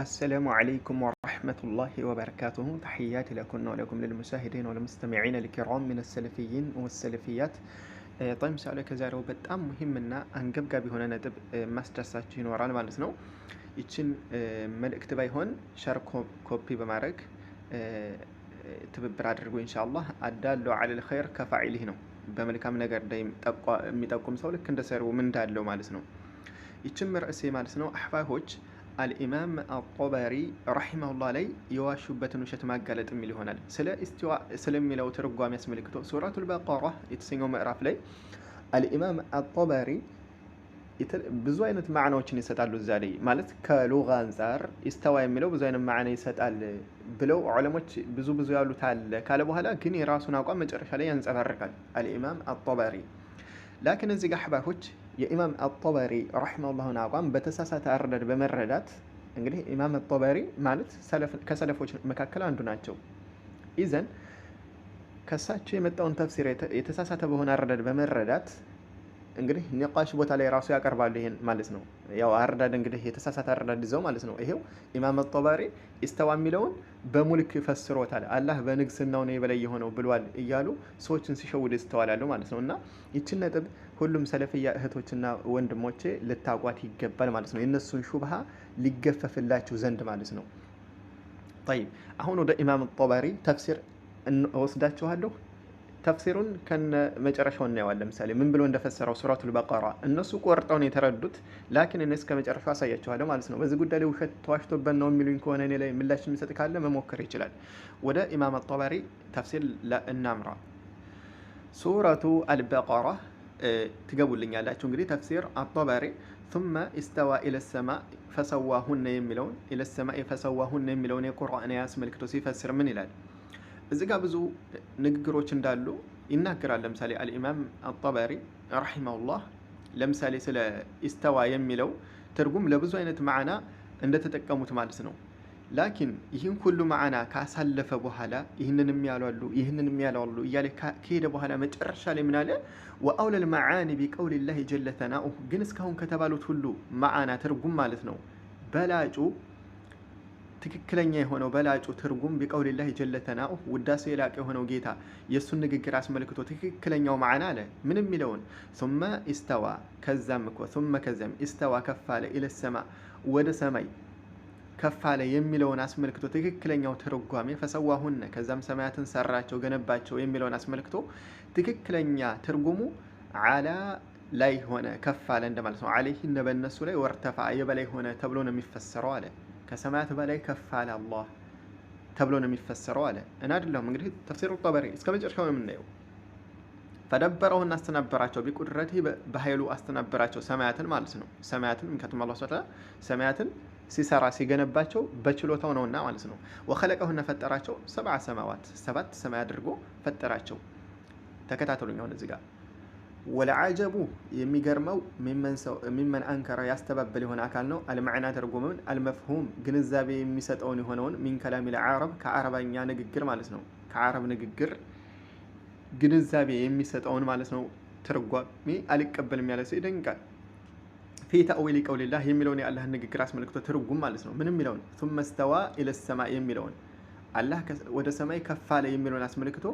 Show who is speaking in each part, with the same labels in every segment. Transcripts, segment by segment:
Speaker 1: አሰላሙ ዓለይኩም ወራህመቱላሂ ወበረካቱሁ። ተሕያት ለኩና ወለኩም ልልሙሳሂዲን ወለሙስተሚዒን ልኪራም ምን ሰለፊይን ወሰለፊያት። ጠይም ሳለ ከዛሬው በጣም ሙሂምና አንገብጋቢ የሆነ ነጥብ ማስደሳችሁ ይኖራል ማለት ነው። ይችን መልእክት ባይሆን ሸር ኮፒ በማድረግ ትብብር አድርጉ ኢንሻአላህ። አዳሉ አለል ኸይር ከፋዒሊህ ነው። በመልካም ነገር ላይ የሚጠቁም ሰው ልክ እንደ ሰሪው ምን እንዳለው ማለት ነው። ይችም ርዕሴ ማለት ነው አሕባሆች አልኢማም አጦበሪ ረሒማሁላ ላይ የዋሹበትን ውሸት ማጋለጥ የሚል ይሆናል። ስለ ኢስቲዋ ስለሚለው ትርጓሜ አስመልክቶ ሱራቱል በቀራ የተሰኘው ምዕራፍ ላይ አልኢማም አጦበሪ ብዙ አይነት ማዕናዎችን ይሰጣሉ። እዛ ላይ ማለት ከሉጋ አንጻር ኢስተዋ የሚለው ብዙ አይነት ማዕና ይሰጣል ብለው ዑለሞች ብዙ ብዙ ያሉት አለ ካለ በኋላ ግን የራሱን አቋም መጨረሻ ላይ ያንጸባርቃል አልኢማም አጦበሪ ላኪን እዚህ ጋር አሕባሾች የኢማም አጦበሪ ረሂመሁላሁን አቋም በተሳሳተ አረዳድ በመረዳት እንግዲህ ኢማም አጠበሪ ማለት ከሰለፎች መካከል አንዱ ናቸው። ኢዘን ከሳቸው የመጣውን ተፍሲር የተሳሳተ በሆነ አረዳድ በመረዳት እንግዲህ ኒቃሽ ቦታ ላይ ራሱ ያቀርባሉ። ይሄን ማለት ነው ያው አረዳድ እንግዲህ የተሳሳተ አረዳድ ይዘው ማለት ነው። ይሄው ኢማም ጦባሪ ኢስተዋ የሚለውን በሙልክ ፈስሮታል። አላህ በንግስናው ነው የበላይ የሆነው ብሏል እያሉ ሰዎችን ሲሸውድ ይስተዋላሉ ማለት ነው። እና ይችን ነጥብ ሁሉም ሰለፍያ እህቶችና ወንድሞቼ ልታቋት ይገባል ማለት ነው። የእነሱን ሹብሃ ሊገፈፍላችሁ ዘንድ ማለት ነው። ጠይብ አሁን ወደ ኢማም ጦባሪ ተፍሲር ወስዳችኋለሁ። ተፍሲሩን ከነ መጨረሻው እናየዋለን። ለምሳሌ ምን ብሎ እንደፈሰረው ሱረቱል በቀራ እነሱ ቆርጠው የተረዱት፣ ላኪን እኔ እስከ መጨረሻው አሳያችኋለሁ ማለት ነው። በዚህ ጉዳይ ላይ ውሸት ተዋሽቶበት ነው የሚሉኝ ከሆነ እኔ ላይ ምላሽ የሚሰጥ ካለ መሞከር ይችላል። ወደ ኢማም አጠባሪ ተፍሲር እናምራ። ሱረቱ አልበቀራ ትገቡልኛላችሁ እንግዲህ ተፍሲር አጠባሪ ثم استوى الى السماء የሚለውን ኢለ ሰማኢ ፈሰዋሁን የሚለውን የቁርአን አያስመልክቶ ሲፈስር ምን ይላል? እዚ ጋ ብዙ ንግግሮች እንዳሉ ይናገራል። ለምሳሌ አልኢማም አጠበሪ ረሒመሁላህ ለምሳሌ ስለ ኢስተዋ የሚለው ትርጉም ለብዙ አይነት ማዕና እንደተጠቀሙት ማለት ነው። ላኪን ይህን ሁሉ ማዕና ካሳለፈ በኋላ ይህንን የሚያሏሉ ይህንን የሚያሏሉ እያለ ከሄደ በኋላ መጨረሻ ላይ ምናለ ወአውለል መዓኒ ቢቀውልላህ ጀለ ተናኡሁ ግን እስካሁን ከተባሉት ሁሉ ማዕና ትርጉም ማለት ነው በላጩ ትክክለኛ የሆነው በላጩ ትርጉም ቢቀውልላህ ጀለተናኡ ውዳሴ የላቀ የሆነው ጌታ የእሱን ንግግር አስመልክቶ ትክክለኛው ማዕና አለ ምንም የሚለውን ሱመ ኢስተዋ ከዛም እኮ ሱመ ከዚያም ኢስተዋ ከፋለ ኢለሰማ ወደ ሰማይ ከፋለ የሚለውን አስመልክቶ ትክክለኛው ትርጓሜ ፈሰዋሁነ ከዛም ሰማያትን ሰራቸው ገነባቸው የሚለውን አስመልክቶ ትክክለኛ ትርጉሙ አላ ላይ ሆነ ከፋለ እንደማለት ነው። አለይህ እነ በእነሱ ላይ ወርተፋ የበላይ ሆነ ተብሎ ነው የሚፈሰረው አለ። ከሰማያት በላይ ከፍ አለ አላህ ተብሎ ነው የሚፈሰረው አለ እና አይደለሁም እንግዲህ ተፍሲሩ ጠበሪ እስከ መጨረሻው የምናየው ፈደበረውና አስተናበራቸው ቢቁድረት በኃይሉ አስተናበራቸው ሰማያትን ማለት ነው። ሰማያትን ምክንያቱም አላህ ሱብሓነሁ ወተዓላ ሰማያትን ሲሰራ ሲገነባቸው በችሎታው ነውና ማለት ነው። ወከለቀሁ ወኸለቀሁና ፈጠራቸው ሰብዓ ሰማዋት ሰባት ሰማይ አድርጎ ፈጠራቸው። ተከታተሉኝ አሁን እዚህ ጋር ወለዓጀቡ የሚገርመው ሚመን አንከረ ያስተባበል የሆነ አካል ነው። አልማዕና ተርጉምን አልመፍሁም ግንዛቤ የሚሰጠውን የሆነውን ሚን ከላሚል ዓረብ ከአረባኛ ንግግር ማለት ነው። ከአረብ ንግግር ግንዛቤ የሚሰጠውን ማለት ነው። ትርጓሜ አልቀበልም ያለ ሰው ይደንቃል። ፊ ተእዊል ቀውልላህ የሚለውን የአላህን ንግግር አስመልክቶ ትርጉም ማለት ነው። ምን የሚለውን ሱመ ስተዋ ኢለሰማ የሚለውን አላህ ወደ ሰማይ ከፍ አለ የሚለውን አስመልክቶ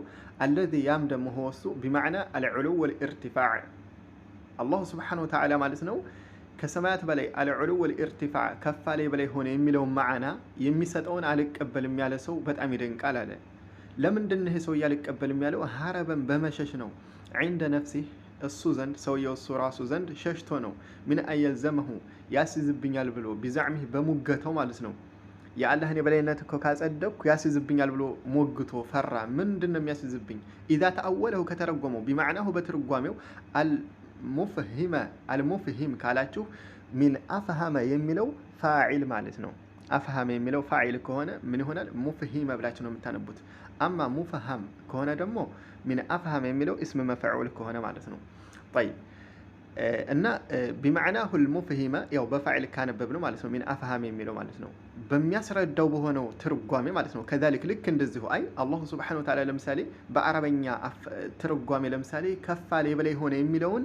Speaker 1: አለዚ ያም ደግሞ ሆሱ ቢማዕና አልዕሉ ወልኢርቲፋዕ አላሁ ስብሓነ ወተዓላ ማለት ነው ከሰማያት በላይ አልዕሉ ወልኢርቲፋዕ ከፍ አለ በላይ ሆነ የሚለውን ማዕና የሚሰጠውን አልቀበልም ያለ ሰው በጣም ይደንቃል አለ። ለምንድን ይሄ ሰው አልቀበልም ያለው? ሀረበን በመሸሽ ነው። ዒንደ ነፍሲህ እሱ ዘንድ ሰውየው እሱ ራሱ ዘንድ ሸሽቶ ነው። ምን አየልዘመሁ ያስይዝብኛል ብሎ ቢዛዕሚህ በሙገተው ማለት ነው የአላህን የበላይነት እኮ ካጸደቅኩ ያስይዝብኛል ብሎ ሞግቶ ፈራ። ምንድን ነው የሚያስይዝብኝ? ኢዛ ተአወለሁ ከተረጎመው ቢማዕናሁ በትርጓሜው አልሙፍሂመ አልሙፍሂም ካላችሁ ሚን አፍሃመ የሚለው ፋዒል ማለት ነው። አፍሃመ የሚለው ፋዒል ከሆነ ምን ይሆናል? ሙፍሂመ ብላችሁ ነው የምታነቡት። አማ ሙፍሃም ከሆነ ደግሞ ሚን አፍሃመ የሚለው እስም መፍዑል ከሆነ ማለት ነው። ጠይብ እና ቢማዕናሁ ልሙፍሂመ ያው በፋዕል ካነበብ ነው ማለት ነው። ሚን አፍሃም የሚለው ማለት ነው በሚያስረዳው በሆነው ትርጓሜ ማለት ነው። ከዛሊክ ልክ እንደዚሁ አይ አላሁ ስብሓነ ወተዓላ ለምሳሌ በአረበኛ ትርጓሜ ለምሳሌ ከፍ የበላይ ሆነ የሚለውን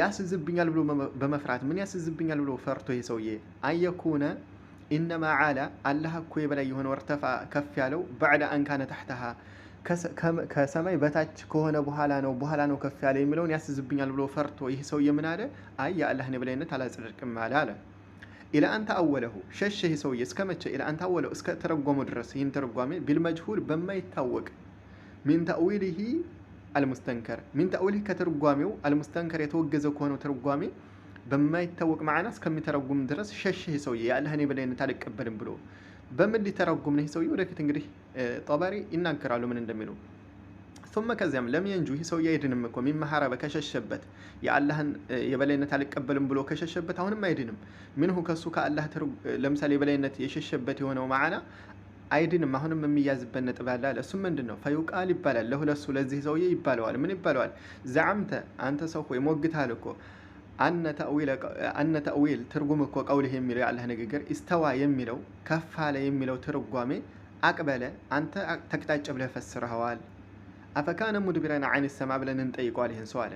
Speaker 1: ያስዝብኛል ብሎ በመፍራት ምን ያስዝብኛል ብሎ ፈርቶ ይሄ ሰውዬ አየኩነ ኢነማ ዓላ አላህ እኮ የበላይ የሆነ ወርተፋ ከፍ ያለው በዕደ አንካነ ታሕተሃ ከሰማይ በታች ከሆነ በኋላ ነው በኋላ ነው ከፍ ያለ የሚለውን ያስዝብኛል ብሎ ፈርቶ ይህ ሰውዬ ምን አለ? አይ የአላህን የበላይነት አላጸድቅም አለ አለ። አንተ አወለሁ ሸሸ። ይህ ሰውዬ እስከ መቼ? አንተ አወለሁ እስከ ተረጓሙ ድረስ ይህን ተረጓሜ ቢልመጅሁል በማይታወቅ ሚን ተእዊልህ አልሙስተንከር ሚን ተእዊልህ ከተርጓሜው አልሙስተንከር የተወገዘ ከሆነው ተርጓሜ በማይታወቅ ማዕና እስከሚተረጉም ድረስ ሸሸ። ይህ ሰውዬ የአላህን የበላይነት አልቀበልም ብሎ በምን ሊተረጉም ነው ሰውዬ? ወደፊት እንግዲህ ጠበሪ ይናገራሉ ምን እንደሚሉ ثم ከዚያም ለም የንጁ ይህ ሰውዬ አይድንም እኮ ሚን ከሸሸበት የአላህን የበላይነት አልቀበልም ብሎ ከሸሸበት አሁንም አይድንም። ምንሁ ከሱ ከአላህ ለምሳሌ የበላይነት የሸሸበት የሆነው ማዕና አይድንም አሁንም የሚያዝበት ነጥብ ያለ አለ። እሱም ምንድን ነው? ፈዩቃል ይባላል ለሁለሱ ለዚህ ሰውዬ ይባለዋል። ምን ይባለዋል? ዘዓምተ አንተ ሰው ሆይ ሞግታል እኮ አነ ተእዊል ትርጉም እኮ ቀውልህ የሚለው የአላህ ንግግር ኢስተዋ የሚለው ከፍ የሚለው ትርጓሜ አቅበለ አንተ ተቅጣጭ ብለህ ፈስረኸዋል። አፈካነ ሙድቢረን አይን ሰማ ብለን እንጠይቀዋል። ይህን ሰው አለ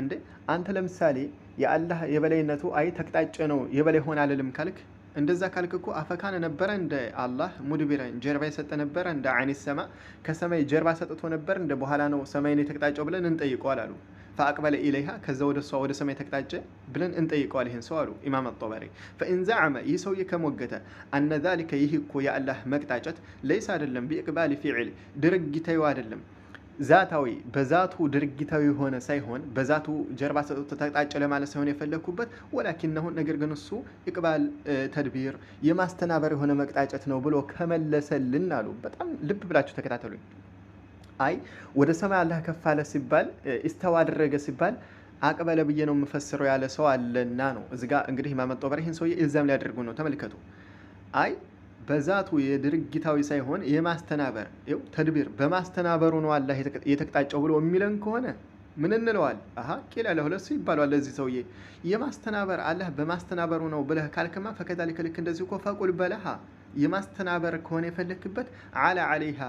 Speaker 1: እንዴ አንተ ለምሳሌ የአላህ የበላይነቱ አይ ተቅጣጭ ነው የበላይ ሆን አልልም ካልክ እንደዛ ካልክ እኮ አፈካነ ነበረ እንደ አላህ ሙድቢረን ጀርባ የሰጠ ነበረ እንደ አይን ሰማ ከሰማይ ጀርባ ሰጥቶ ነበር እንደ በኋላ ነው ሰማይን የተቅጣጨው ብለን እንጠይቀዋል አሉ። ፈአቅበለ ኢለይሃ ከዛ ወደ እሷ ወደ ሰማይ ተቅጣጨ ብለን እንጠይቀዋል ይህን ሰው አሉ ኢማም አጦበሪ። ፈኢንዛዓመ ይህ ሰውዬ ከሞገተ አነ ዛሊከ ይህ እኮ የአላህ መቅጣጨት ለይስ አይደለም ቢእቅባል ፊዕል ድርጊታዊ አይደለም ዛታዊ በዛቱ ድርጊታዊ የሆነ ሳይሆን በዛቱ ጀርባ ሰጥቶ ተቅጣጨ ለማለት ሳይሆን የፈለግኩበት ወላኪናሁን ነገር ግን እሱ ይቅባል ተድቢር የማስተናበር የሆነ መቅጣጨት ነው ብሎ ከመለሰልን አሉ። በጣም ልብ ብላችሁ ተከታተሉኝ። አይ ወደ ሰማይ አላህ ከፍ አለ ሲባል ኢስተዋ አደረገ ሲባል አቅበለ ብዬ ነው የምፈስረው ያለ ሰው አለና ነው። እዚ ጋ እንግዲህ ኢማም ጦበሪ ይህን ሰውዬ ኢልዛም ሊያደርጉ ነው። ተመልከቱ። አይ በዛቱ የድርጊታዊ ሳይሆን የማስተናበር ው ተድቢር በማስተናበሩ ነው አላህ የተቅጣጨው ብሎ የሚለን ከሆነ ምን እንለዋል? አሀ ቂል ያለ ሰው ይባለዋል። ለዚህ ሰውዬ የማስተናበር አላህ በማስተናበሩ ነው ብለህ ካልክማ ፈከዛሊከ ልክ እንደዚህ እኮ ፈቁል በለሃ የማስተናበር ከሆነ የፈለክበት አላ አለይሃ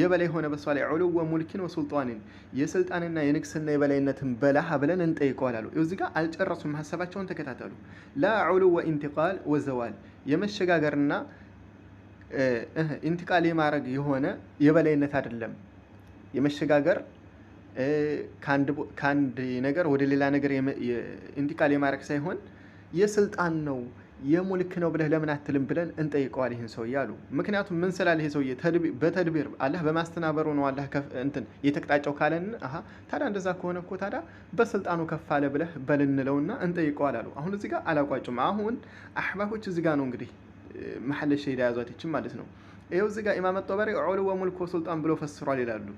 Speaker 1: የበላይ ሆነ በሷ ላይ ዑሉ ወሙልኪን ወሱልጣንን የስልጣንና የንግስና የበላይነትን በላህ ብለን እንጠይቀዋል አሉ። ጋር አልጨረሱም፣ ሀሳባቸውን ተከታተሉ። ላ ዑሉ ወኢንቲቃል ወዘዋል የመሸጋገርና ኢንቲቃል የማድረግ የሆነ የበላይነት አይደለም። የመሸጋገር ከአንድ ነገር ወደ ሌላ ነገር ኢንቲቃል የማድረግ ሳይሆን የስልጣን ነው የሙልክ ነው ብለህ ለምን አትልም ብለን እንጠይቀዋል ይህን ሰው እያሉ ምክንያቱም ምን ስላለ ይሄ ሰውዬ በተድቢር አላህ በማስተናበሩ ነው አላህ እንትን የተቅጣጨው ካለን አሀ ታዲያ እንደዛ ከሆነ እኮ ታዲያ በስልጣኑ ከፍ አለ ብለህ በልንለው በልንለውና እንጠይቀዋል አሉ። አሁን እዚህ ጋር አላቋጩም። አሁን አሕባቦች እዚህ ጋር ነው እንግዲህ መሐለሽ ሄዳ ያዟት ይችም ማለት ነው። ይኸው እዚህ ጋር ኢማም ጦበሪ ዑሉ ወሙልክ ወሱልጣን ብሎ ፈስሯል ይላሉ።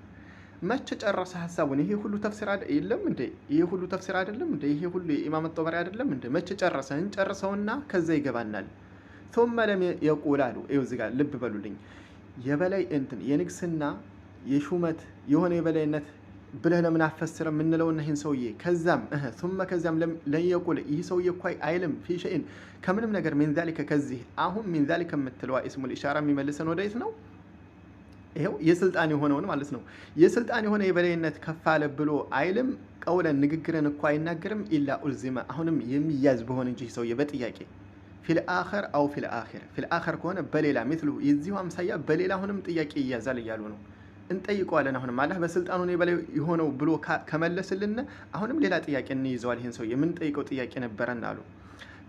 Speaker 1: መቼ ጨረሰ ሀሳቡን? ይሄ ሁሉ ተፍሲር የለም እንዴ? ይሄ ሁሉ ተፍሲር አይደለም እንዴ? ይሄ ሁሉ የኢማም ጠበሪ አይደለም እንዴ? መቼ ጨረሰ? እንጨርሰውና ከዛ ይገባናል። ثم لم يقول አሉ። ይኸው እዚህ ጋር ልብ በሉልኝ። የበላይ እንትን የንግስና የሹመት የሆነ የበላይነት ብለህ ለምን አፈስረ የምንለውና ይህን ሰውዬ ከዛም እህ ሱመ ከዚያም ለየቁል ይህ ሰውዬ እኳ አይልም ፊ ሸይን ከምንም ነገር ሚን ዛሊከ ከዚህ አሁን ሚን ዛሊከ የምትለዋ ኢስሙል ኢሻራ የሚመልሰን ወደየት ነው? ይኸው የስልጣን የሆነውን ማለት ነው። የስልጣን የሆነ የበላይነት ከፍ አለ ብሎ አይልም። ቀውለን ንግግርን እኮ አይናገርም። ኢላ ኡልዚመ አሁንም የሚያዝ በሆነ እንጂ ሰውዬ በጥያቄ አኸር አው ፊል ፊል አኸር ከሆነ በሌላ ምትሉ የዚሁ አምሳያ በሌላ አሁንም ጥያቄ ይያዛል እያሉ ነው። እንጠይቀዋለን አሁንም አላህ በስልጣኑ የበላይ የሆነው ብሎ ከመለስልን አሁንም ሌላ ጥያቄ እንይዘዋል። ይህን ሰው የምንጠይቀው ጥያቄ ነበረን አሉ።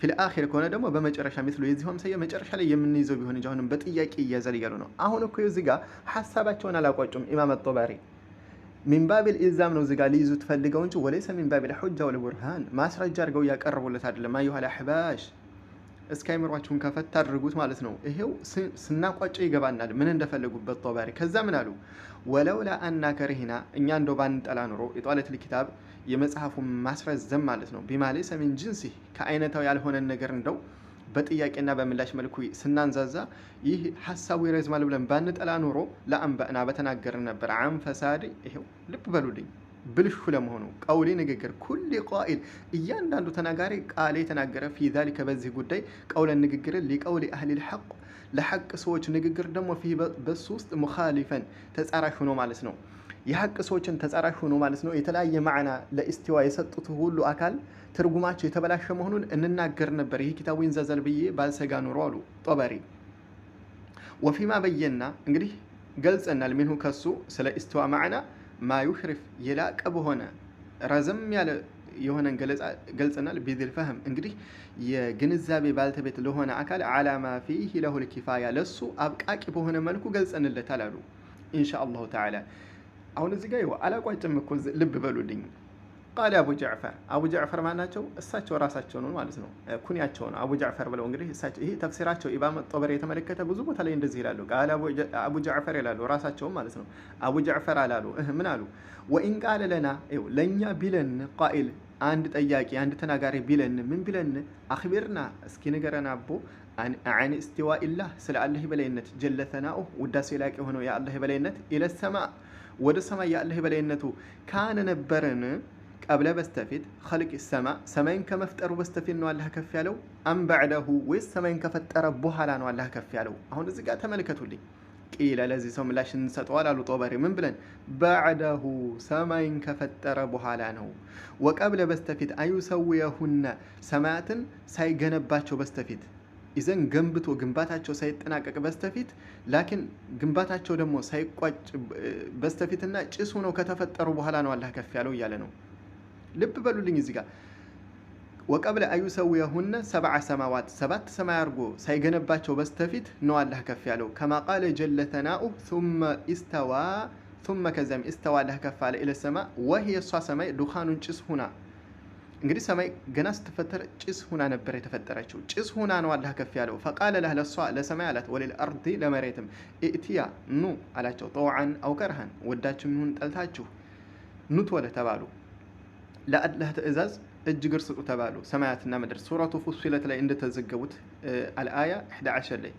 Speaker 1: ፊል አኺር ከሆነ ደግሞ በመጨረሻ ሚስሉ የዚህ ሀምሳያ መጨረሻ ላይ የምንይዘው ቢሆን እንጂ አሁንም በጥያቄ እያዘል እያሉ ነው። አሁን እኮ እዚህ ጋር ሀሳባቸውን አላቋጩም። ኢማም አጦባሪ ሚንባቢል ኢልዛም ነው እዚጋ ሊይዙ ትፈልገው እንጂ ወለይሰ ሚንባቢል ሑጃ ወልቡርሃን ማስረጃ አድርገው እያቀረቡለት አይደለም። አዩሃል አሕባሽ እስከ አይምሯችሁን ከፈት አድርጉት ማለት ነው። ይሄው ስናቋጨው ይገባናል ምን እንደፈለጉበት ጦባሪ። ከዛ ምን አሉ ወለውላ አና ከርሂና እኛ እንደው ባንጠላ ኑሮ የጧለት ልኪታብ የመጽሐፉን ማስረዘም ማለት ነው። ቢማሌ ሰሚን ጅንሲ ከአይነታው ያልሆነን ነገር እንደው በጥያቄና በምላሽ መልኩ ስናንዛዛ ይህ ሀሳቡ ይረዝማል ብለን ባንጠላ ኑሮ ለአንበእና በተናገርን ነበር። አን ፈሳድ ይሄው ልብ በሉልኝ ብልሹ ለመሆኑ ቀውሌ ንግግር ኩል ቃኢል እያንዳንዱ ተናጋሪ ቃል የተናገረ ፊ ዛሊከ በዚህ ጉዳይ ቀውለ ንግግር ሊቀውል አህሊል ሐቅ ለሐቅ ሰዎች ንግግር ደግሞ ፊ በሱ ውስጥ ሙኻሊፈን ተጻራሽ ሆኖ ማለት ነው የሀቅ ሰዎችን ተጻራሽ ሆኖ ማለት ነው የተለያየ ማዕና ለኢስቲዋ የሰጡት ሁሉ አካል ትርጉማቸው የተበላሸ መሆኑን እንናገር ነበር። ይህ ኪታቡ ይንዘዘል ብዬ ባልሰጋ ኖሮ አሉ ጦበሪ። ወፊማ በየና እንግዲህ ገልጸናል። ሚንሁ ከሱ ስለ ኢስቲዋ ማዕና ማዩሽሪፍ የላቀ በሆነ ረዘም ያለ የሆነን ገልጸናል። ቢድል ፈህም እንግዲህ የግንዛቤ ባልተቤት ለሆነ አካል አላማ ፊህ ለሁል ኪፋያ ለሱ አብቃቂ በሆነ መልኩ ገልጸንለታል አሉ ኢንሻ አላሁ ተዓላ አሁን እዚህ ጋር አላቋጭም እኮ ልብ በሉልኝ። ቃል አቡ ጃዕፈር አቡ ጃዕፈር ማን ናቸው? እሳቸው ራሳቸው ነው ማለት ነው። ኩንያቸው ነው አቡ ጃዕፈር ብለው እንግዲህ እሳቸው ይሄ ተፍሲራቸው ኢባ ጦበሪ የተመለከተ ብዙ ቦታ ላይ እንደዚህ ይላሉ። ቃል አቡ ጃዕፈር ይላሉ ራሳቸውም ማለት ነው። አቡ ጃዕፈር አላሉ ምን አሉ? ወኢን ቃለ ለና ለእኛ ቢለን ቃኢል አንድ ጠያቂ አንድ ተናጋሪ ቢለን ምን ቢለን፣ አክቢርና እስኪ ንገረን አቦ አን እስቲዋ ኢላህ ስለ አላህ በላይነት ጀለተናኡ ውዳሴ ላቅ የሆነው የአላህ በላይነት ኢለሰማ ወደ ሰማይ የአላህ የበላይነቱ ካነ ነበረን ቀብለ በስተፊት ኸልቅ ሰማ ሰማይን ከመፍጠሩ በስተፊት ነው አላህ ከፍ ያለው አንበዕደሁ ወይስ ሰማይን ከፈጠረ በኋላ ነው አላህ ከፍ ያለው? አሁን እዚህ ጋር ተመልከቱልኝ። ቂለ ለዚህ ሰው ምላሽ እንሰጠዋል አሉ ጦበሪ። ምን ብለን ባዕደሁ ሰማይን ከፈጠረ በኋላ ነው። ወቀብለ በስተፊት አዩሰውየሁነ ሰማያትን ሳይገነባቸው በስተፊት ይዘን ገንብቶ ግንባታቸው ሳይጠናቀቅ በስተፊት ላኪን ግንባታቸው ደግሞ ሳይቋጭ በስተፊትና ጭስ ሆነው ከተፈጠሩ በኋላ ነው አላህ ከፍ ያለው እያለ ነው። ልብ በሉልኝ እዚህ ጋር ወቀብለ የሁነ ሰብዓ ሰማዋት ሰባት ሰማይ አድርጎ ሳይገነባቸው በስተፊት ነው አላህ ከፍ ያለው። ከማ ቃለ ጀለ ተናኡ ሱመ ኢስተዋ ሱመ ከዚያም ኢስተዋ አላህ ከፍ አለ ኢለ ሰማ ወህየ እሷ ሰማይ ዱኻኑን ጭስ ሁና እንግዲህ ሰማይ ገና ስትፈጠር ጭስ ሁና ነበር የተፈጠረችው። ጭስ ሁና ነው አላህ ከፍ ያለው። ፈቃለ ለህ ለሷ ለሰማይ አላት፣ ወሌል አርዲ ለመሬትም ኢእትያ ኑ አላቸው። ጠውዓን አውቀርሃን ከርሃን ወዳችሁ ይሁን ጠልታችሁ ኑት ወለ ተባሉ። ለአላህ ትእዛዝ እጅ ግር ስጡ ተባሉ። ሰማያትና ምድር ሱረቱ ፉሲለት ላይ እንደተዘገቡት አልአያ 11 ላይ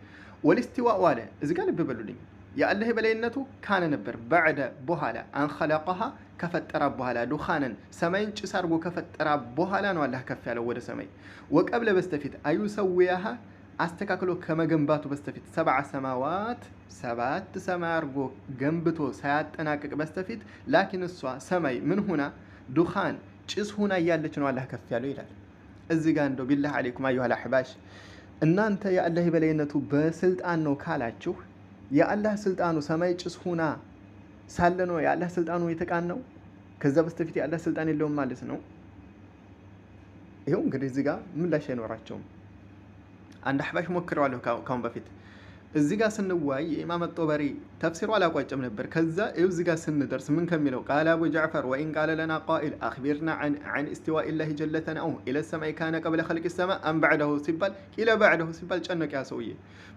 Speaker 1: ወሊስቲዋ ዋለ እዚ ጋ ልብ በሉልኝ የአላህ የበላይነቱ ካነ ነበር። በዕደ በኋላ አንኸለቀሃ ከፈጠራ በኋላ ዱኻንን ሰማይን ጭስ አድርጎ ከፈጠራ በኋላ ነው አላህ ከፍ ያለው ወደ ሰማይ። ወቀብለ በስተፊት አዩ ሰውያሃ አስተካክሎ ከመገንባቱ በስተፊት ሰብዓ ሰማዋት ሰባት ሰማይ አድርጎ ገንብቶ ሳያጠናቅቅ በስተፊት ላኪን እሷ ሰማይ ምን ሁና ዱኻን ጭስ ሁና እያለች ነው አላህ ከፍ ያለው ይላል። እዚ ጋ እንደው ቢላህ አሌይኩም አዩሃል አሕባሽ እናንተ የአላህ የበላይነቱ በስልጣን ነው ካላችሁ የአላህ ስልጣኑ ሰማይ ጭስ ሁና ሳለ ነው የአላህ ስልጣኑ የተቃን ነው። ከዛ በስተፊት የአላህ ስልጣን የለውም ማለት ነው። ይኸው እንግዲህ እዚህ ጋር ምላሽ አይኖራቸውም። አንድ አሕባሽ ሞክረዋለሁ ካሁን በፊት እዚህ ጋር ስንዋይ የኢማም ጦበሪ ተፍሲሩ አላቋጨም ነበር። ከዛ ይኸው እዚህ ጋር ስንደርስ ምን ከሚለው ቃል አቡ ጃዕፈር ወኢን ቃለ ለና ቃኢል አክቢርና ን እስቲዋ ኢላሂ ጀለተን አሁ ኢለ ሰማይ ካነ ቀብለ ኸልቅ ሰማ አን ባዕደሁ ሲባል ኢለ ባዕደሁ ሲባል ጨነቅ ያ ሰውዬ።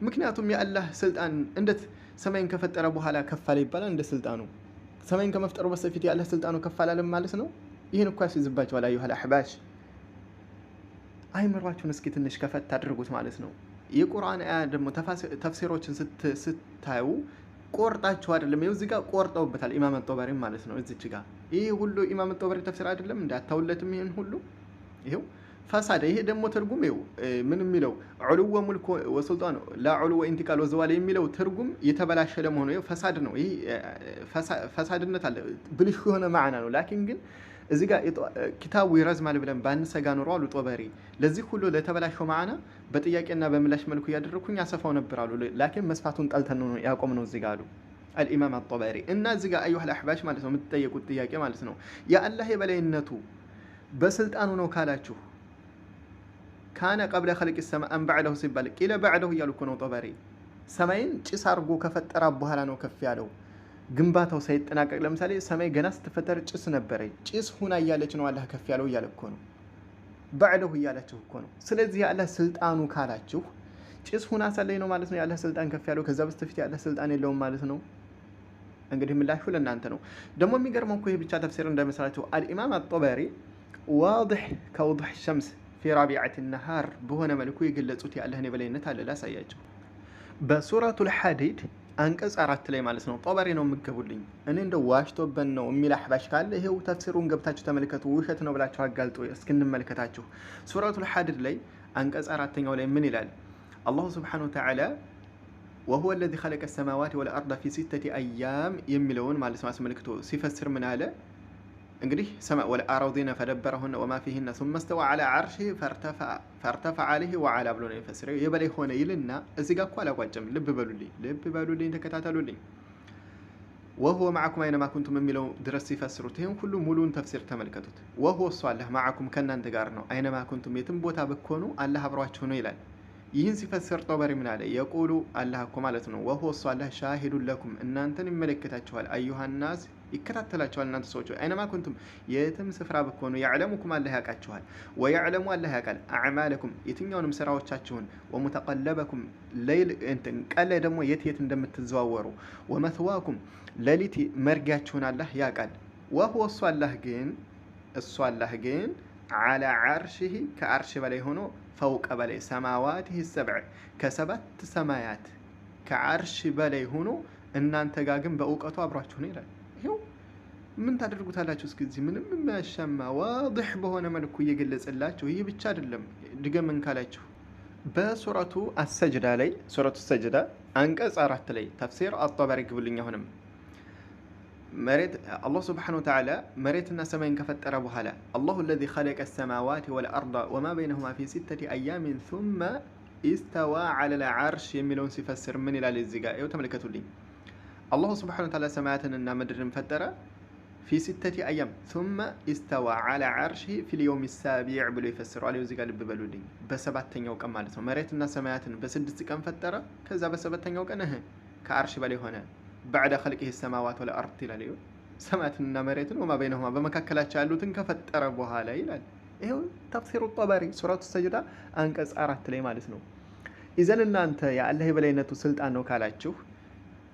Speaker 1: ምክንያቱም የአላህ ስልጣን እንደት ሰማይን ከፈጠረ በኋላ ከፋለ ይባላል። እንደ ስልጣኑ ሰማይን ከመፍጠሩ በሰፊት የአላህ ስልጣኑ ከፍ ማለት ነው። ይህን እኳ ያስይዝባቸዋል። አዩሃል አሕባሽ አይምሯችሁን እስኪ ትንሽ ከፈት አድርጉት ማለት ነው። የቁርአን አያ ደግሞ ተፍሲሮችን ስታዩ ቆርጣችሁ አይደለም። ይኸው እዚህ ጋር ቆርጠውበታል ኢማም ጦበሪ ማለት ነው። እዚች ጋር ይህ ሁሉ ኢማም ጦበሪ ተፍሲር አይደለም እንዳታውለትም ይህን ሁሉ ይኸው ፈሳደ። ይሄ ደግሞ ትርጉም ይኸው ምን የሚለው ዑልወ ሙልክ ወሱልጣን ላ ኢንቲቃል ወዘዋል የሚለው ትርጉም የተበላሸ ለመሆኑ ፈሳድ ነው። ይህ ፈሳድነት አለ ብልሹ የሆነ ማዕና ነው። ላኪን ግን እዚህ ጋር ኪታቡ ይረዝማል ብለን ባንሰጋ ኑሮ አሉ ጦበሪ ለዚህ ሁሉ ለተበላሸው ማዕና በጥያቄና በምላሽ መልኩ እያደረግኩኝ ያሰፋው ነበር አሉ። ላኪን መስፋቱን ጠልተን ያቆም ነው እዚ ጋ አሉ አልኢማም አጦበሪ እና እዚ ጋ አዩሃል አሕባሽ ማለት ነው የምትጠየቁት ጥያቄ ማለት ነው የአላህ የበላይነቱ በስልጣኑ ነው ካላችሁ ካነ ቀብለ ኸልቂ ሰማ አን ባዕደሁ ሲባል ቂለ ባዕደሁ እያሉ እኮ ነው ጦበሪ ሰማይን ጭስ አድርጎ ከፈጠራ በኋላ ነው ከፍ ያለው ግንባታው ሳይጠናቀቅ ለምሳሌ ሰማይ ገና ስትፈጠር ጭስ ነበረ። ጭስ ሁና እያለች ነው አላህ ከፍ ያለው እያለ እኮ ነው። ባዕደሁ እያላችሁ እኮ ነው። ስለዚህ የአላህ ስልጣኑ ካላችሁ ጭስ ሁና ሳለኝ ነው ማለት ነው የአላህ ስልጣን ከፍ ያለው። ከዛ በስተፊት የአላህ ስልጣን የለውም ማለት ነው። እንግዲህ ምላሹ ለእናንተ ነው። ደግሞ የሚገርመው እኮ ይህ ብቻ ተፍሲር እንደመሰላችሁ አልኢማም አጦበሪ ዋድሕ ከውድሕ ሸምስ ፊ ራቢዓት ነሃር በሆነ መልኩ የገለጹት የአላህን የበላይነት አለ። ላሳያቸው በሱረቱል ሐዲድ አንቀጽ አራት ላይ ማለት ነው። ጦበሬ ነው የምገቡልኝ። እኔ እንደ ዋሽቶበን ነው የሚል አሕባሽ ካለ ይሄው ተፍሲሩን ገብታችሁ ተመልከቱ። ውሸት ነው ብላችሁ አጋልጦ እስክንመልከታችሁ ሱረቱል ልሓድድ ላይ አንቀጽ አራተኛው ላይ ምን ይላል? አላሁ ስብሓነሁ ወተዓላ ወሁወ ለዚ ከለቀ ሰማዋት ወለአርዳ ፊ ሲተቲ አያም የሚለውን ማለት ነው አስመልክቶ ሲፈስር ምን አለ? እንግዲህ ሰማእ ወለአረውዲነ ፈደበረሁነ ወማ ፊህነ ሱመ ስተወ ዐላ ዐርሺ ፈርተፈዐ ዐለይሂ ወዐላ ብሎ ነው የፈስረው የበላይ ሆነ ይልና እዚህ ጋር እኮ አላቋጨም። ልብ በሉልኝ፣ ልብ በሉልኝ፣ ተከታተሉልኝ። ወሁወ ማዕኩም አይነማ ኩንቱም የሚለው ድረስ ሲፈስሩት ይህም ሁሉ ሙሉን ተፍሲር ተመልከቱት። ወሁወ እሱ አላህ ማዕኩም ከእናንተ ጋር ነው። አይነማ ኩንቱም የትም ቦታ ብኮኑ አላህ አብሯችሁ ነው ይላል። ይህን ሲፈስር ጦበሪ ምን አለ? የቁሉ አላህ እኮ ማለት ነው። ወሁወ እሱ አላህ ሻሂዱን ለኩም እናንተን ይመለከታችኋል። አዩሃናስ ይከታተላችኋል። እናንተ ሰዎች አይነማ ኩንቱም የትም ስፍራ ብኮኑ ያዕለሙኩም አላህ ያውቃችኋል። ወያዕለሙ አላህ ያውቃል አዕማለኩም የትኛውንም ስራዎቻችሁን ወሙተቀለበኩም ሌይል ቀን ላይ ደግሞ የት የት እንደምትዘዋወሩ ወመትዋኩም ሌሊት መርጊያችሁን አላህ ያውቃል። ወሁወ እሱ አላህ ግን እሱ አላህ ግን ዓላ ዓርሽህ ከአርሽ በላይ ሆኖ ፈውቀ በላይ ሰማዋትህ ሰብዕ ከሰባት ሰማያት ከአርሽ በላይ ሆኖ እናንተ ጋር ግን በእውቀቱ አብሯችሁ ነው ይላል። ምን ታደርጉታላችሁ? እስከዚህ ምንም የማያሻማ ዋድሕ በሆነ መልኩ እየገለጸላችሁ ይህ ብቻ አይደለም። ድገምን ካላችሁ በሱረቱ አሰጅዳ ላይ ሱረቱ ሰጅዳ አንቀጽ አራት ላይ ተፍሲር አጣባሪ ግብልኝ አሁንም መሬት አላህ ስብሓነ ወተዓላ መሬትና ሰማይን ከፈጠረ በኋላ አላሁ ለዚ ኸለቀ ሰማዋት ወልአርድ ወማ በይነሁማ ፊ ሲተቲ አያሚን ሱመ ኢስተዋ ዐለል ዐርሽ የሚለውን ሲፈስር ምን ይላል? እዚህ ጋር ይኸው ተመልከቱልኝ። አላሁ ስብሓነ ወተዓላ ሰማያትንና ምድርን ፈጠረ ፊ ሲተቲ አያም ثመ ኢስተዋ ዓላ ዓርሺሂ ፊል የውሚ ሳቢዕ ብሎ ይፈስረዋል። እዚህ ጋር ልብ በሉልኝ፣ በሰባተኛው ቀን ማለት ነው። መሬትና ሰማያትን በስድስት ቀን ፈጠረ። ከዛ በሰባተኛው ቀን እህ ከአርሽ በላይ ሆነ። ባዕደ ኸልቂሂ ሰማዋት ወለ አርድ ይላል። ይኸው ሰማያትንና መሬትን ወማ በይነሁማ በመካከላቸው ያሉትን ከፈጠረ በኋላ ይላል። ይኸው ተፍሲሩ ጦበሪ ሱረቱ ሰጅዳ አንቀጽ አራት ላይ ማለት ነው። ኢዘን እናንተ የአላህ የበላይነቱ ስልጣን ነው ካላችሁ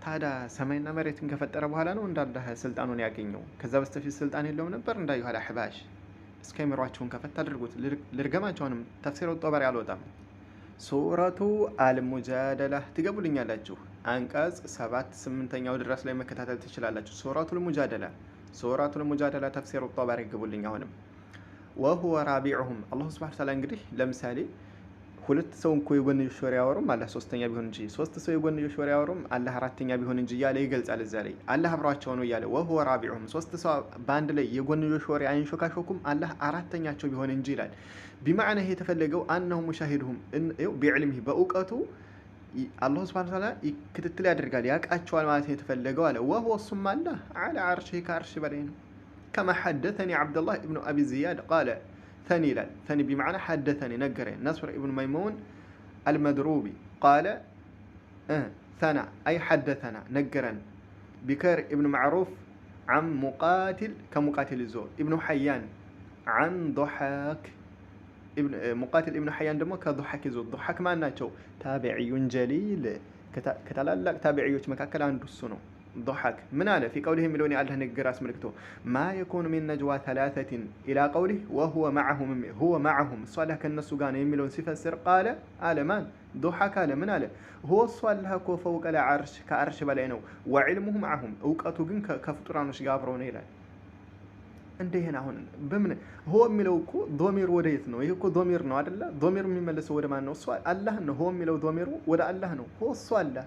Speaker 1: ታዳ ሰማይና መሬትን ከፈጠረ በኋላ ነው እንዳለ ስልጣኑን ያገኘው። ከዛ በስተፊት ስልጣን የለውም ነበር። እንዳዩ ኋላ ሕባሽ እስከ ምሯቸውን ከፈት አድርጉት። ልርገማቸውንም ተፍሲረ ጦበር አልወጣም። ሱረቱ አልሙጃደላ ትገቡልኛላችሁ። አንቀጽ ሰባት ስምንተኛው ድረስ ላይ መከታተል ትችላላችሁ። ሱረቱ ልሙጃደላ ሱረቱ ልሙጃደላ ተፍሲረ ጦበር ይገቡልኝ። አሁንም ወሁወ ራቢዑሁም አላሁ ስብሐነ ወተዓላ እንግዲህ ለምሳሌ ሁለት ሰው እንኮ የጎንዮሽ ወሬ አያወሩም አለ ሶስተኛ ቢሆን እንጂ፣ ሶስት ሰው የጎንዮሽ ወሬ አያወሩም አለ አራተኛ ቢሆን እንጂ እያለ ይገልጻል። እዛ ላይ አለ አብሯቸው ነው እያለ ወሁ ራቢዑም፣ ሶስት ሰው በአንድ ላይ የጎንዮሽ ወሬ አይንሾካሾኩም አለ አራተኛቸው ቢሆን እንጂ ይላል። ቢማዕና ይሄ የተፈለገው አናሁ ሙሻሂድሁም ቢዕልም በእውቀቱ አላሁ ስብሃነ ተዓላ ክትትል ያደርጋል ያውቃቸዋል ማለት ነው የተፈለገው አለ። ወሁ እሱም አለ አለ አርሽ ከአርሽ በላይ ነው። ከማ ሐደተኒ ዓብደላህ እብኑ አቢ ዝያድ ቃለ ثني لا ثني بمعنى حدثني نقرين نصر ابن ميمون المدروبي قال اه ثنى أي حدثنا نقرا بكر ابن معروف عن مقاتل كمقاتل الزور ابن حيان عن ضحاك ابن أه، مقاتل ابن حيان دمو كضحاك الزور ضحاك ما ناتشو تابعي جليل كتلالك تابعي مكاكل عن دسنو ضحክ ምን አለ ፊ ቀውሊህ የሚለውን የአላህ ንግግር አስመልክቶ ማ የኮኑ ሚን ነጅዋ ተላተቲን ኢላ ቀውሊህ ወሁወ ማዕሁም ሁወ ማዕሁም እሱ አላህ ከእነሱ ጋር ነው የሚለውን ሲፈስር ቃለ አለ ማን ዶሐክ አለ ምን አለ ሁወ እሱ አላህ እኮ ፈውቀ ለዓርሽ ከአርሽ በላይ ነው ወዕልሙሁ ማዕሁም እውቀቱ ግን ከፍጡራኖች ጋር አብረው ነው ይላል እንደ አሁን በምን ሆ የሚለው እኮ ዶሚር ወደ የት ነው? ይህ እኮ ዶሚር ነው አደለ? ዶሚር የሚመለሰው ወደ ማን ነው? እሱ አላህ ነው። ሆ የሚለው ዶሚሩ ወደ አላህ ነው። ሆ እሱ አላህ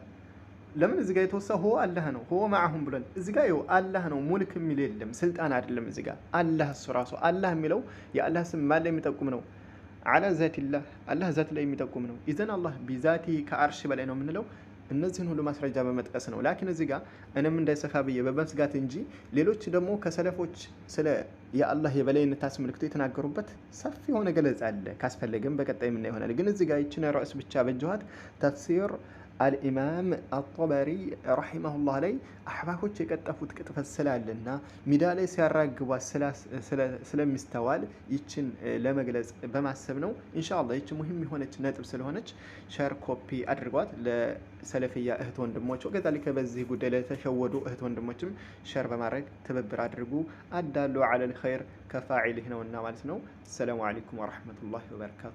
Speaker 1: ለምን ጋ የተወሳ ሆ አላህ ነው። ሆ ማዕሁም ብለን ጋ ይኸው አላህ ነው። ሙልክ የሚል የለም፣ ስልጣን አይደለም። ጋ አላህ እሱ ራሱ አላህ የሚለው የአላህ ስም ማለ የሚጠቁም ነው። አላ ዛቲላህ አላህ ዛት ላይ የሚጠቁም ነው። ኢዘን አላህ ቢዛቲ ከአርሽ በላይ ነው የምንለው እነዚህን ሁሉ ማስረጃ በመጥቀስ ነው። ላኪን እዚህ ጋር እኔም እንዳይሰፋ ብዬ በመስጋት እንጂ ሌሎች ደግሞ ከሰለፎች ስለ የአላህ የበላይነት አስመልክቶ የተናገሩበት ሰፊ የሆነ ገለጻ አለ። ካስፈለገም በቀጣይ የምና ይሆናል። ግን እዚ ጋ ይችን ርዕስ ብቻ በጀኋት ተፍሲር አልኢማም አጦበሪ ረሒማሁላህ ላይ አሕባሾች የቀጠፉት ቅጥፈት ስላለና ሚዳ ላይ ሲያራግቧት ስለሚስተዋል ይችን ለመግለጽ በማሰብ ነው። ኢንሻአላህ ይች ሙሂም የሆነች ነጥብ ስለሆነች ሸር ኮፒ አድርጓት ለሰለፍያ እህት ወንድሞች፣ ወገዛሊከ በዚህ ጉዳይ ለተሸወዱ እህት ወንድሞችም ሸር በማድረግ ትብብር አድርጉ። አዳሉ አለል ኸይር ከፋዒልህ ነውና ማለት ነው። አሰላሙ አለይኩም ወረሕመቱላሂ ወበረካቱ።